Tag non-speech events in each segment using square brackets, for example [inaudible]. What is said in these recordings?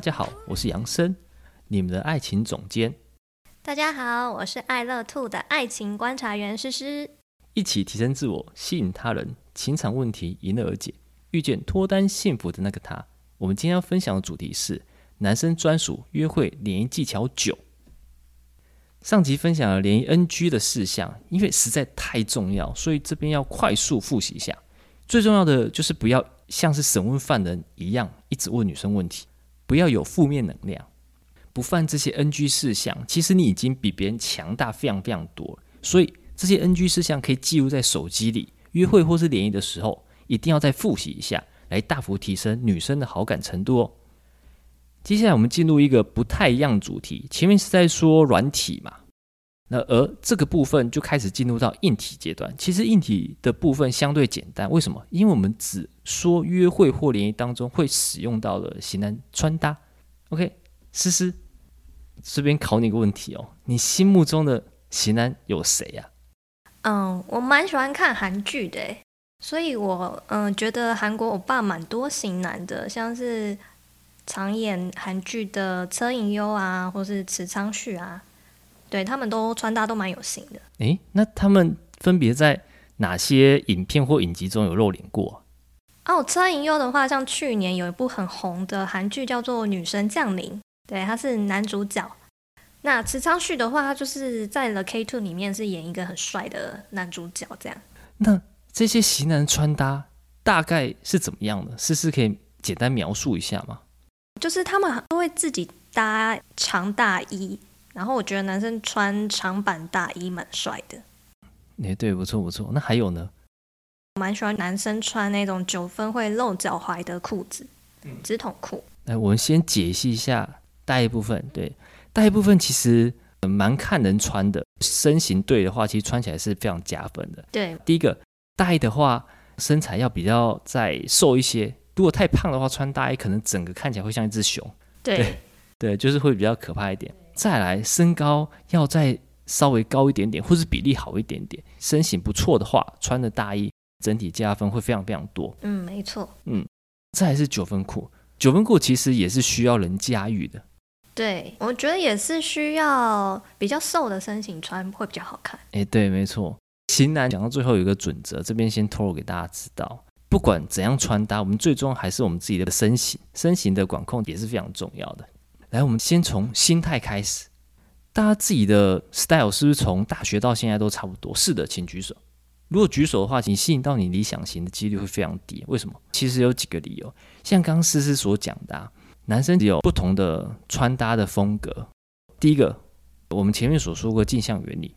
大家好，我是楊生，你們的愛情總監。大家好，我是愛樂 Two 的愛情觀察員詩詩。詩詩一起提升自我，吸引他人，情場問題迎刃而解，遇見脫單幸福的那個他。我們今天要分享的主題是男生專屬約會聯誼技巧9。上集分享了聯誼 NG 的事項，因為實在太重要，所以這邊要快速複習一下。最重要的就是不要像是審問犯人一樣，一直問女生問題。不要有負面能量，不犯這些 NG 事項，其實你已經比別人強大非常非常多了。所以這些 NG 事項可以記錄在手機裡，約會或是聯誼的時候，一定要再複習一下，來大幅提升女生的好感程度哦。接下來我們進入一個不太一樣的主題，前面是在說軟體嘛，那而這個部分就開始進入到硬體階段。其實硬體的部分相對簡單，為什麼？因為我們只。說約會或聯誼當中會使用到的型男穿搭，OK？詩詩這邊考你個問題哦，你心目中的型男有誰呀、啊？嗯，我蠻喜歡看韓劇的，所以我嗯覺得韓國歐巴蠻多型男的，像是常演韓劇的車銀優啊，或是池昌旭啊，對，他們都穿搭都蠻有型的。哎，那他們分別在哪些影片或影集中有露臉過？然後車銀優的話，像去年有一部很紅的韓劇叫做《女神降臨》，對，他是男主角。那池昌旭的話，他就是在《The K2》裡面是演一個很帥的男主角，這樣。那這些型男穿搭大概是怎麼樣的？詩詩可以簡單描述一下嗎？就是他們都會自己搭長大衣，然後我覺得男生穿長版大衣蠻帥的。哎、欸，對，不錯不錯。那還有呢？我蠻喜歡男生穿那種九分會露腳踝的褲子，直筒褲。來，我們先解析一下大衣部分。對，大衣部分其實蠻、嗯嗯、看人穿的，身形對的話，其實穿起來是非常加分的。對，第一個大衣的話，身材要比較再瘦一些，如果太胖的話，穿大衣可能整個看起來會像一隻熊。對，對，對，就是會比較可怕一點。對再來，身高要再稍微高一點點，或是比例好一點點，身形不錯的話，穿的大衣，整體加分會非常非常多。嗯，沒錯。嗯，這還是九分褲，九分褲其實也是需要人駕馭的。對，我覺得也是需要比較瘦的身形穿會比較好看。誒，對，沒錯。型男講到最後有一個準則，這邊先透露給大家知道，不管怎樣穿搭，我們最終還是我們自己的身形，身形的管控也是非常重要的。來，我們先從心態開始，大家自己的 style 是不是從大學到現在都差不多？是的，請舉手。如果舉手的話，你吸引到你理想型的幾率會非常低。為什麼？其實有幾個理由，像剛剛詩詩所講的、啊，男生有不同的穿搭的風格。第一個，我們前面所說過的鏡像原理，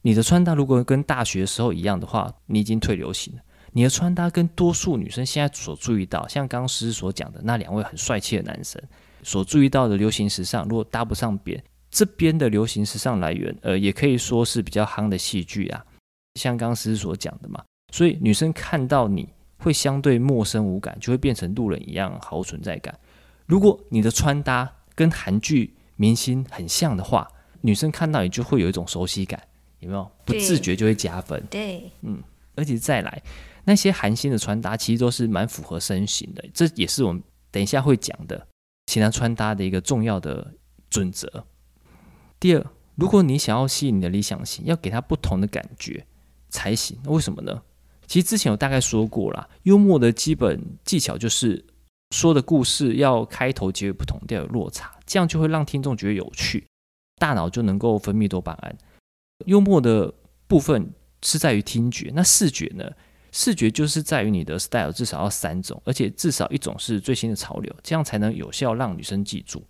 你的穿搭如果跟大學的時候一樣的話，你已經退流行了。你的穿搭跟多數女生現在所注意到，像剛剛詩詩所講的那兩位很帥氣的男生所注意到的流行時尚，如果搭不上邊，這邊的流行時尚來源，呃，也可以說是比較夯的戲劇啊。像剛剛詩詩所講的嘛，所以女生看到你會相對陌生無感，就會變成路人一樣毫無存在感。如果你的穿搭跟韓劇明星很像的話，女生看到你就會有一種熟悉感，有沒有？不自覺就會加分。對，對，嗯，而且再來，那些韓星的穿搭其實都是蠻符合身形的，這也是我們等一下會講的其他穿搭的一個重要的準則。第二，如果你想要吸引你的理想型，要給他不同的感覺才行，為什麼呢？其實之前有大概說過啦，幽默的基本技巧就是說的故事要開頭結尾不同，要有落差，這樣就會讓聽眾覺得有趣，大腦就能夠分泌多巴胺。幽默的部分是在於聽覺，那視覺呢？視覺就是在於你的 style 至少要三種，而且至少一種是最新的潮流，這樣才能有效讓女生記住。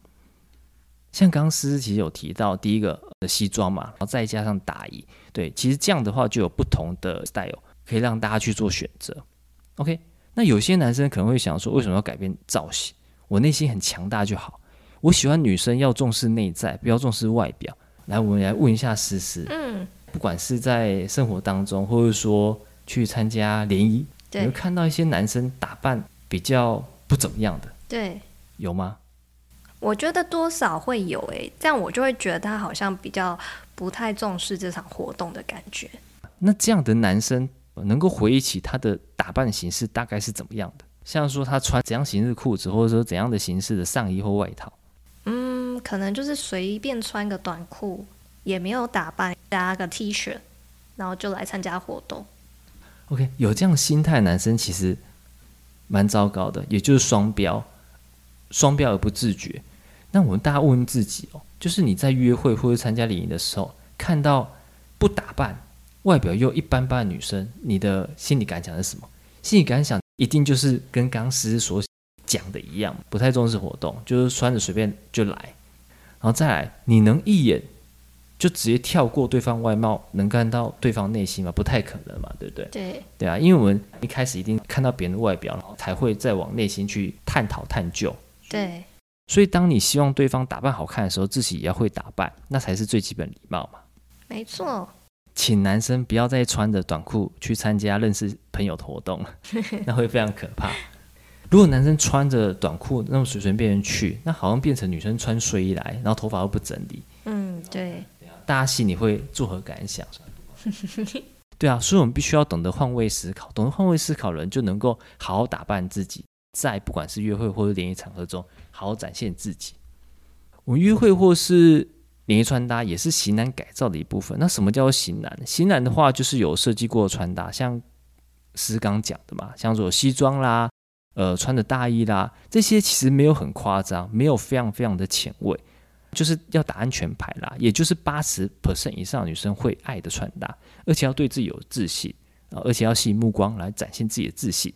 像剛詩詩其實有提到第一個西裝嘛，然後再加上大衣，對，其實這樣的話就有不同的 style，可以讓大家去做選擇。OK，那有些男生可能會想說，為什麼要改變造型？我內心很強大就好。我喜歡女生要重視內在，不要重視外表。來，我們來問一下詩詩，嗯，不管是在生活當中，或者說去參加聯誼，你對會看到一些男生打扮比較不怎麼樣的，對，有嗎？我覺得多少會有哎、欸，這樣我就會覺得他好像比較不太重視這場活動的感覺。那這樣的男生能夠回憶起他的打扮形式大概是怎麼樣的？像說他穿怎樣形式的褲子，或者說怎樣的形式的上衣或外套？嗯，可能就是隨便穿個短褲，也沒有打扮，搭個 T 恤，然後就來參加活動。OK，有這樣心態的男生其實蠻糟糕的，也就是雙標，雙標而不自覺。那我們大家問問自己哦，就是你在約會或者參加聯誼的時候，看到不打扮、外表又一般般的女生，你的心理感想是什麼？心理感想一定就是跟剛剛詩詩所講的一樣，不太重視活動，就是穿着隨便就來，然後再來，你能一眼就直接跳過對方外貌，能看到對方內心嗎？不太可能嘛，對不對？對對啊，因為我們一開始一定看到別人的外表，然後才會再往內心去探討探究。對。所以，當你希望對方打扮好看的時候，自己也要會打扮，那才是最基本禮貌嘛。沒錯。請男生不要再穿着短褲去參加認識朋友的活動，那會非常可怕。 [laughs] 如果男生穿着短褲那麼隨隨便便去，那好像變成女生穿睡衣來，然後頭髮又不整理。嗯，對。大家心裡會作何感想？ [laughs] 對啊，所以我們必須要懂得換位思考，懂得換位思考的人就能夠好好打扮自己。在不管是約會或是聯誼場合中，好好展現自己。我們約會或是聯誼穿搭，也是型男改造的一部分。那什麼叫做型男？型男的話，就是有設計過的穿搭，像詩剛講的嘛，像做西裝啦，呃，穿着大衣啦，這些其實沒有很誇張，沒有非常非常的前衛，就是要打安全牌啦，也就是八十 percent 以上的女生會愛的穿搭，而且要對自己有自信啊，而且要吸引目光來展現自己的自信。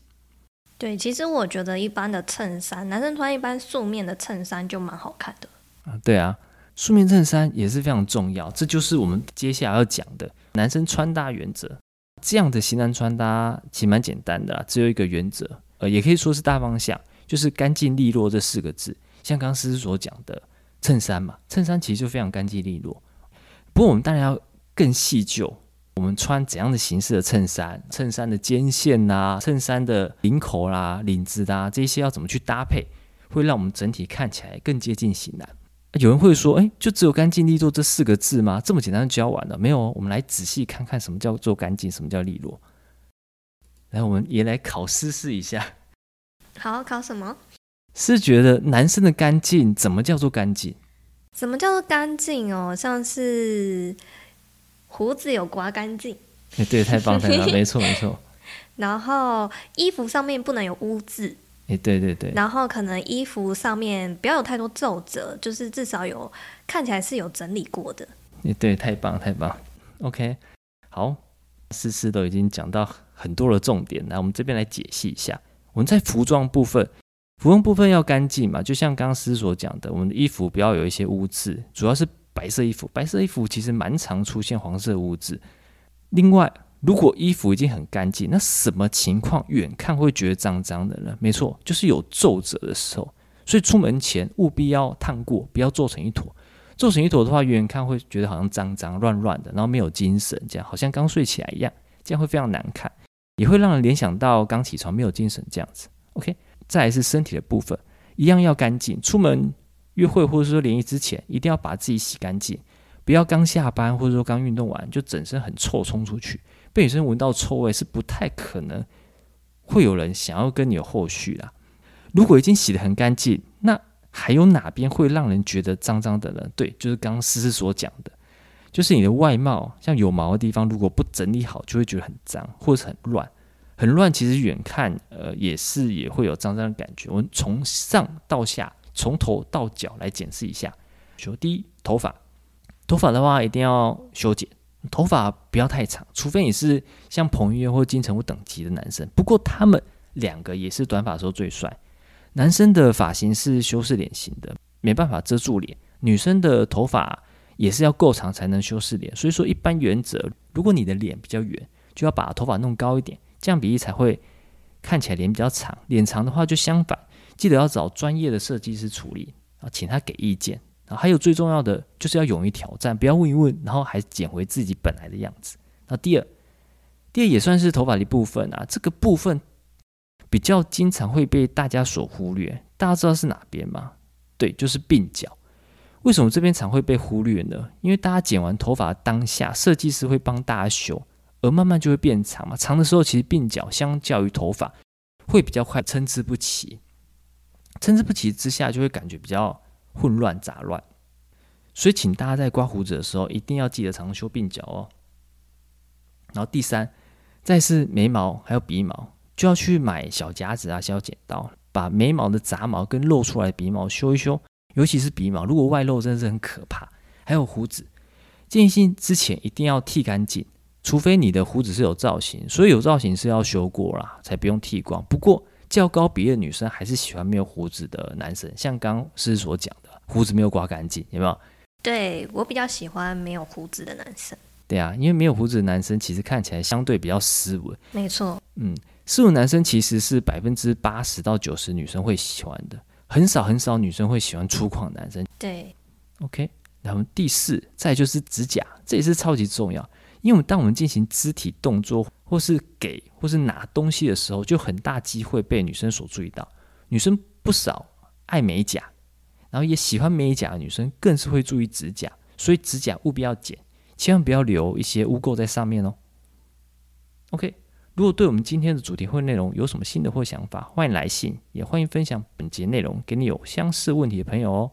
對，其實我覺得一般的襯衫，男生穿一般素面的襯衫就蠻好看的啊。對啊，素面襯衫也是非常重要，這就是我們接下來要講的男生穿搭原則。這樣的型男穿搭其實蠻簡單的啦，只有一個原則，呃，也可以說是大方向，就是乾淨利落這四個字。像剛剛詩詩所講的襯衫嘛，襯衫其實就非常乾淨利落。不過我們當然要更細究。我們穿怎樣的形式的襯衫？襯衫的肩線、啊、襯衫的領口啦、啊，領子啊，這些要怎麼去搭配，會讓我們整體看起來更接近型男、啊？有人會說，哎、欸，就只有乾淨利落這四個字嗎？這麼簡單就教完了？沒有，我們來仔細看看，什麼叫做乾淨，什麼叫利落。來，我們也來考試試一下。好，考什麼？是覺得男生的乾淨，怎麼叫做乾淨？什麼叫做乾淨哦？像是。鬍子有刮乾淨，哎，欸、對，太棒了，沒錯 [laughs] 沒錯。沒錯然後衣服上面不能有污漬，哎，欸、對對對。然後可能衣服上面不要有太多皺褶，就是至少有看起來是有整理過的。哎，欸、對，太棒太棒。OK，好，詩詩都已經講到很多的重點，來，我們這邊來解析一下。我們在服裝部分，服裝部分要乾淨嘛，就像剛剛詩所講的，我們的衣服不要有一些污漬，主要是。白色衣服，白色衣服其實蠻常出現黃色污漬。另外，如果衣服已經很乾淨，那什麼情況遠看會覺得髒髒的呢？沒錯，就是有皺褶的時候。所以出門前務必要燙過，不要皺成一坨。皺成一坨的話，遠看會覺得好像髒髒亂亂的，然後沒有精神，這樣好像剛睡起來一樣，這樣會非常難看，也會讓人聯想到剛起床沒有精神這樣子。OK，再來是身體的部分，一樣要乾淨，出門，約會或者說聯誼之前，一定要把自己洗乾淨，不要剛下班或者說剛運動完就整身很臭衝出去，被女生聞到臭味是不太可能會有人想要跟你有後續啦。如果已經洗得很乾淨，那還有哪邊會讓人覺得髒髒的呢？對，就是剛剛詩詩所講的，就是你的外貌，像有毛的地方如果不整理好，就會覺得很髒，或者很亂。很亂其實遠看，呃，也是也會有髒髒的感覺。我們從上到下。從頭到腳來檢視一下。首先，第一，頭髮，頭髮的話一定要修剪，頭髮不要太長，除非你是像彭於晏或金城武等級的男生。不過他們兩個也是短髮的時候最帥。男生的髮型是修飾臉型的，沒辦法遮住臉。女生的頭髮也是要夠長才能修飾臉，所以說一般原則，如果你的臉比較圓，就要把頭髮弄高一點，這樣比例才會看起來臉比較長。臉長的話就相反。記得要找專業的設計師處理，啊，請他給意見。還有最重要的，就是要勇於挑戰，不要問一問，然後還剪回自己本來的樣子。那第二，第二也算是頭髮的一部分啊，這個部分比較經常會被大家所忽略。大家知道是哪邊嗎？對，就是鬢角。為什麼這邊常會被忽略呢？因為大家剪完頭髮當下，設計師會幫大家修，而慢慢就會變長嘛。長的時候，其實鬢角相較於頭髮會比較快參差不齊。參差不齊之下，就會感覺比較混亂雜亂，所以請大家在刮鬍子的時候，一定要記得常修鬢角哦。然後第三，再是眉毛還有鼻毛，就要去買小夾子啊、小剪刀，把眉毛的雜毛跟露出來的鼻毛修一修。尤其是鼻毛，如果外露真的是很可怕。還有鬍子，進行之前一定要剃乾淨，除非你的鬍子是有造型，所以有造型是要修過啦，才不用剃光。不過。比較高比例的女生還是喜歡沒有鬍子的男生，像剛剛詩詩所講的，鬍子沒有刮乾淨，有沒有？對，我比較喜歡沒有鬍子的男生。對啊，因為沒有鬍子的男生其實看起來相對比較斯文。沒錯錯，嗯，斯文男生其實是百分之八十到九十女生會喜歡的，很少很少女生會喜歡粗獷男生。嗯、對，OK，然後第四，再就是指甲，這也是超級重要。因為我當我們進行肢體動作，或是給或是拿東西的時候，就很大機會被女生所注意到。女生不少愛美甲，然後也喜歡美甲的女生更是會注意指甲，所以指甲務必要剪，千萬不要留一些汙垢在上面哦。OK，如果對我們今天的主題或內容有什麼新的或想法，歡迎來信，也歡迎分享本節內容給你有相似問題的朋友哦。